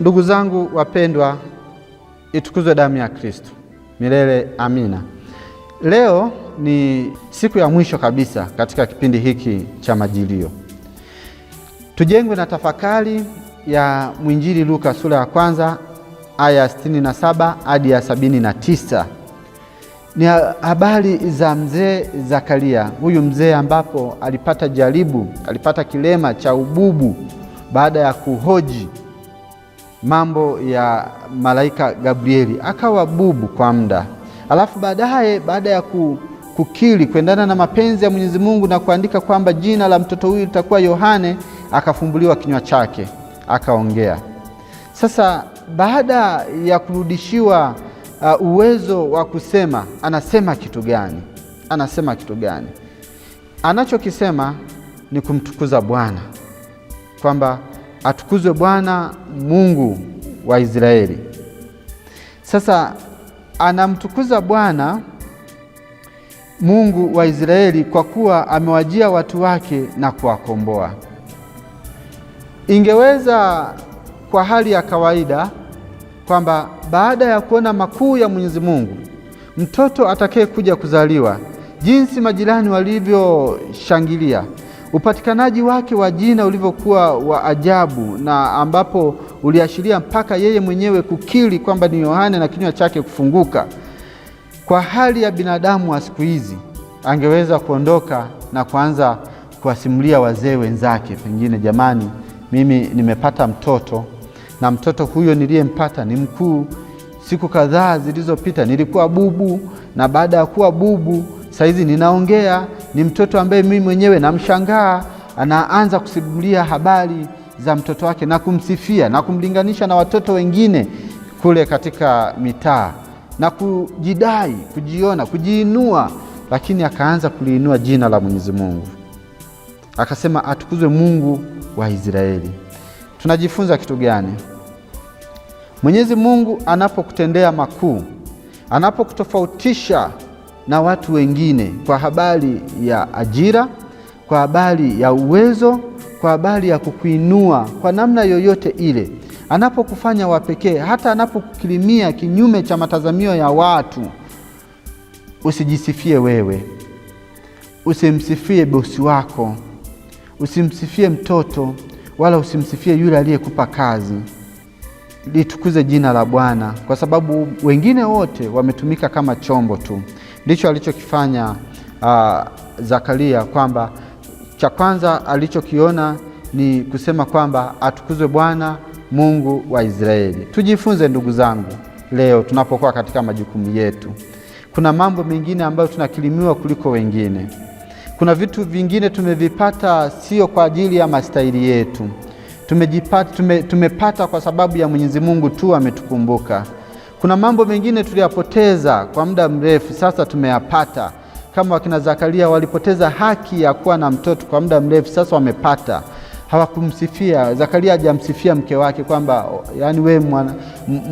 Ndugu zangu wapendwa, itukuzwe damu ya Kristo milele, amina. Leo ni siku ya mwisho kabisa katika kipindi hiki cha Majilio. Tujengwe na tafakari ya mwinjili Luka sura ya kwanza aya ya saba hadi ya tisa. Ni habari za mzee Zakaria, huyu mzee ambapo alipata jaribu, alipata kilema cha ububu baada ya kuhoji mambo ya malaika Gabrieli, akawa bubu kwa muda, alafu baadaye baada ya ku kukili kuendana na mapenzi ya Mwenyezi Mungu na kuandika kwamba jina la mtoto huyu litakuwa Yohane, akafumbuliwa kinywa chake akaongea. Sasa baada ya kurudishiwa uh, uwezo wa kusema, anasema kitu gani? Anasema kitu gani? Anachokisema ni kumtukuza Bwana kwamba atukuzwe Bwana Mungu wa Israeli. Sasa anamtukuza Bwana Mungu wa Israeli kwa kuwa amewajia watu wake na kuwakomboa. Ingeweza kwa hali ya kawaida kwamba baada ya kuona makuu ya Mwenyezi Mungu, mtoto atakayekuja kuja kuzaliwa, jinsi majirani walivyoshangilia, Upatikanaji wake wa jina ulivyokuwa wa ajabu na ambapo uliashiria mpaka yeye mwenyewe kukiri kwamba ni Yohane na kinywa chake kufunguka. Kwa hali ya binadamu wa siku hizi, angeweza kuondoka na kuanza kuwasimulia wazee wenzake, pengine, jamani, mimi nimepata mtoto na mtoto huyo niliyempata ni mkuu. Siku kadhaa zilizopita nilikuwa bubu na baada ya kuwa bubu saizi ninaongea ni mtoto ambaye mimi mwenyewe namshangaa, anaanza kusimulia habari za mtoto wake na kumsifia na kumlinganisha na watoto wengine kule katika mitaa na kujidai, kujiona, kujiinua, lakini akaanza kuliinua jina la Mwenyezi Mungu, akasema atukuzwe Mungu wa Israeli. Tunajifunza kitu gani? Mwenyezi Mungu anapokutendea makuu, anapokutofautisha na watu wengine kwa habari ya ajira, kwa habari ya uwezo, kwa habari ya kukuinua kwa namna yoyote ile. Anapokufanya wa pekee, hata anapokukirimia kinyume cha matazamio ya watu, usijisifie wewe, usimsifie bosi wako, usimsifie mtoto, wala usimsifie yule aliyekupa kazi. Litukuze jina la Bwana, kwa sababu wengine wote wametumika kama chombo tu. Ndicho alichokifanya uh, Zakaria, kwamba cha kwanza alichokiona ni kusema kwamba atukuzwe Bwana Mungu wa Israeli. Tujifunze ndugu zangu, leo tunapokuwa katika majukumu yetu, kuna mambo mengine ambayo tunakilimiwa kuliko wengine. Kuna vitu vingine tumevipata sio kwa ajili ya mastahili yetu, tumejipata, tume, tumepata kwa sababu ya Mwenyezi Mungu tu ametukumbuka. Kuna mambo mengine tuliyapoteza kwa muda mrefu, sasa tumeyapata. Kama wakina Zakaria walipoteza haki ya kuwa na mtoto kwa muda mrefu, sasa wamepata. Hawakumsifia Zakaria, hajamsifia mke wake kwamba yani, wewe mwana,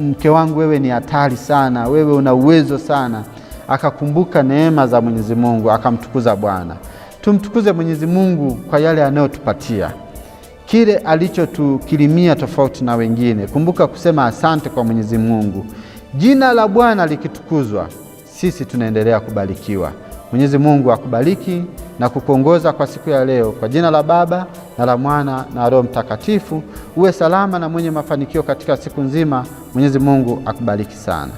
mke wangu wewe ni hatari sana, wewe una uwezo sana. Akakumbuka neema za Mwenyezi Mungu akamtukuza Bwana. Tumtukuze Mwenyezi Mungu kwa yale anayotupatia, kile alichotukirimia tofauti na wengine. Kumbuka kusema asante kwa Mwenyezi Mungu. Jina la Bwana likitukuzwa, sisi tunaendelea kubarikiwa. Mwenyezi Mungu akubariki na kukuongoza kwa siku ya leo. Kwa jina la Baba na la Mwana na Roho Mtakatifu, uwe salama na mwenye mafanikio katika siku nzima. Mwenyezi Mungu akubariki sana.